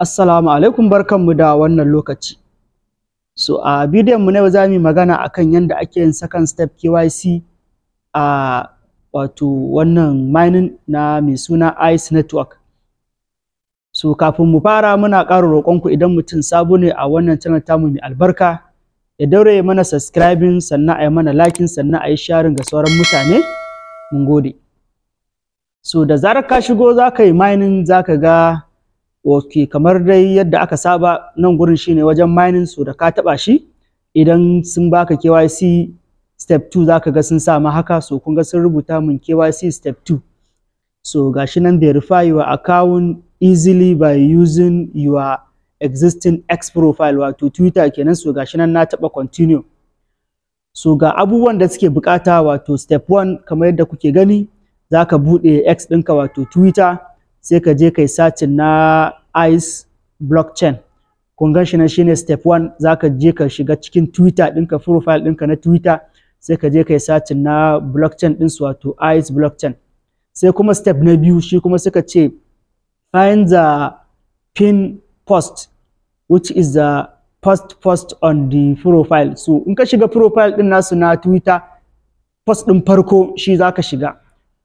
Assalamu alaikum barkanmu da wannan lokaci. So a uh, bidiyon mu na za mu magana akan yanda ake yin second step KYC a uh, wato wannan mining na mai suna ICE network. So kafin mu fara muna ƙara roƙonku idan mutum sabo ne a wannan channel tamu mai albarka ya daure mana subscribing sannan a yi mana liking sannan a yi sharing ga sauran mutane. Mun gode. So da zarar ka shigo za ka yi mining za ka ga ok kamar dai yadda aka saba nan gurin shine wajen mining su da ka taba shi idan sun baka KYC step 2 zaka ga sun sa ma haka so kun ga sun rubuta mun KYC step 2 so gashi nan verify your account easily by using your existing X profile wato Twitter kenan so gashi nan na taba continue so ga abubuwan da suke bukata wato step 1 kamar yadda kuke gani zaka bude X ɗinka wato Twitter sai ka je kai satin na ice blockchain kun gan shi nan shine step 1 zaka je ka shiga cikin twitter ɗinka profile ɗinka na twitter sai ka je kai satin na blockchain ɗin su wato ice blockchain sai kuma step na biyu shi kuma suka ce find the pin post which is the post post on the profile so in ka shiga profile ɗin nasu na twitter post ɗin farko shi zaka shiga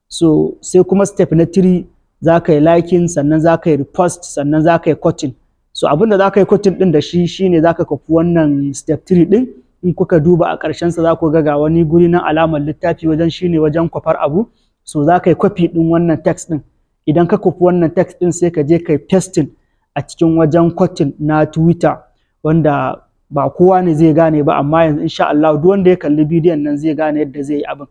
so sai kuma step na 3 za ka yi liking sannan za ka yi repost sannan za ka yi cutting so abin da za ka yi cutting din da shi shine za ka kafi wannan step 3 din in kuka duba a ƙarshen sa za ku ga ga wani guri na alamar littafi wajen shine wajen kwafar abu so za ka yi copy din wannan text din idan ka kafi wannan text din sai ka je ka yi pasting a cikin wajen cutting na Twitter wanda ba kowa ne zai gane ba amma yanzu insha Allah duk wanda ya kalli bidiyon nan zai gane yadda zai yi abin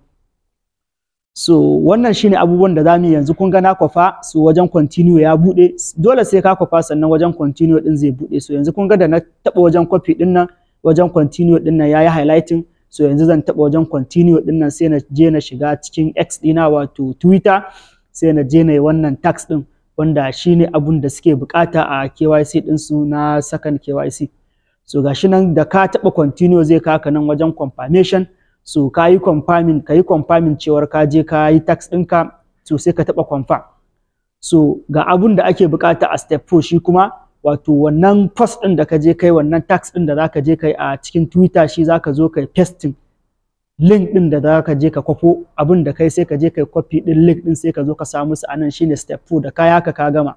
so wannan shine abubuwan da zamu yanzu kun ga na kwafa so wajen continue ya bude dole sai ka kwafa sannan wajen continue din zai bude so yanzu kun ga da na taba wajen kwafi din nan wajen continue din nan yayi highlighting so yanzu zan taba wajen continue din nan sai na je na shiga cikin X dina wato Twitter sai na je na yi wannan tax din wanda shine abun da suke bukata a KYC din su na second KYC so gashi nan da ka taba continue zai kaka nan wajen confirmation so ka yi confirming ka yi confirming cewar ka je ka yi tax ɗinka so sai ka taɓa confirm so ga abun da ake bukata a step 4 shi kuma wato wannan post ɗin da ka je kai wannan tax ɗin da za ka je kai a cikin twitter shi za ka zo kai pasting link ɗin da za ka je ka kwafo abun da kai sai ka je kai copy ɗin link ɗin sai ka zo ka samu su anan shine step 4 da ka yaka ka gama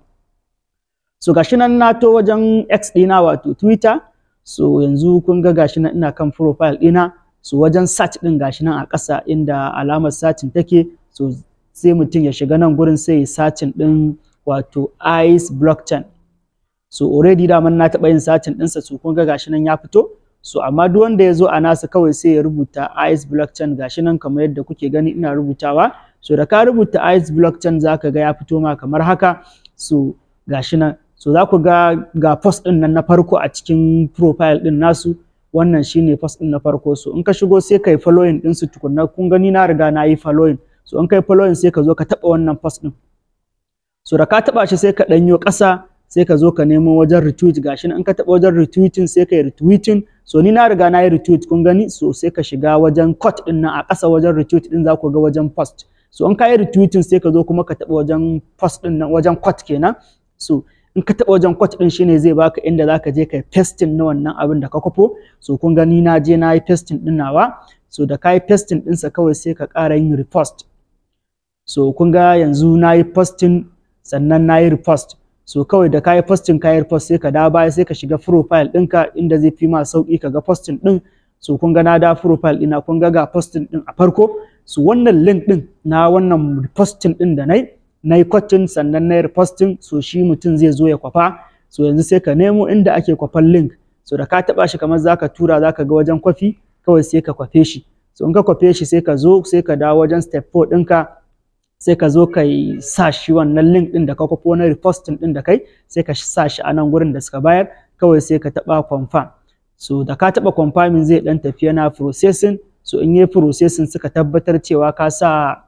so gashi nan na to wajen x ɗina wato twitter so yanzu kun ga gashi nan ina kan profile ɗina Su wajen search din gashi nan a ƙasa inda alamar searching take so sai mutum ya shiga nan gurin sai ya searching din wato ice blockchain so already daman na taɓa yin satin ɗinsa su kun ga gashi nan ya fito so amma duk wanda ya zo a nasa kawai sai ya rubuta ice blockchain gashi nan kamar yadda kuke gani ina rubutawa so da ka rubuta ice blockchain za ka ga ya fito ma kamar haka so gashi nan so za ku ga ga post ɗin nan na farko a cikin profile ɗin nasu wannan shine fas din na farko so in ka shigo sai kai following din su tukunna kun gani na riga na yi following so in kai following sai ka zo ka taba wannan fas din so da ka taba shi sai ka danyo ƙasa sai ka zo ka nemo wajen retweet gashi in ka taba wajen retweeting sai ka yi retweeting so ni na riga na yi retweet kun gani so sai ka shiga wajen cut din nan a ƙasa wajen retweet din za ku ga wajen post so in ka yi retweeting sai ka zo kuma ka taba wajen post din nan wajen cut kenan so in ka taɓa wajen kwat ɗin shine zai baka inda za ka je kai pasting na wannan abin da ka kwafo so kun gani na je na yi pasting ɗin nawa so da ka yi pasting ɗinsa kawai sai ka ƙara yin repost so kun ga yanzu na yi posting sannan na yi repost so kawai da ka yi posting ka yi repost sai ka da baya sai ka shiga profile ɗinka inda zai fi ma sauƙi ka ga posting ɗin so kun ga na da profile ɗina kun ga ga posting ɗin a farko so wannan link ɗin na wannan posting ɗin da na yi na yi kwacin sannan na yi so shi mutum zai zo ya kwafa so yanzu sai ka nemo inda ake kwafan link so da ka taba shi kamar zaka tura zaka ga wajen kwafi kawai sai ka kwafe shi so in ka kwafe shi sai ka zo sai ka dawo wajen step 4 ɗinka sai ka zo ka sa shi wannan link ɗin da ka kwafo na reposting ɗin da kai sai ka sa shi a nan gurin da suka bayar kawai sai ka taba confirm so da ka taba confirming zai dan tafi yana processing so in yi processing suka tabbatar cewa ka sa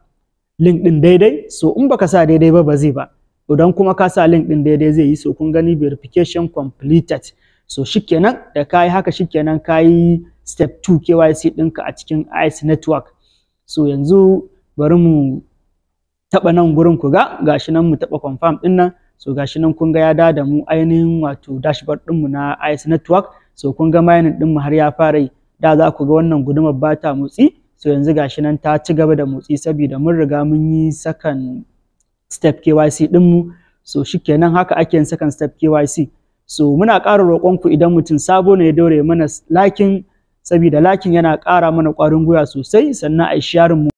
link din daidai so in baka sa daidai ba ba zai ba idan kuma ka sa link din daidai zai yi so kun gani verification completed so shikenan da ka haka shikenan ka step 2 KYC ɗinka a cikin ICE network so yanzu bari mu taba nan gurin ku ga gashi nan mu taba confirm din nan so gashi nan kun ga ya da da mu ainihin wato dashboard ɗinmu na ICE network so kun ga mining ɗinmu har ya fara yi da za ku ga wannan gudumar bata motsi so yanzu gashi nan ta ci gaba da motsi saboda mun riga mun yi sakan step KYC dinmu so shikenan haka ake yin sakan step KYC so muna ƙara roƙon ku idan mutum sabo ne ya dore mana lakin saboda lakin yana ƙara mana ƙwarin gwiwa sosai sannan a sharing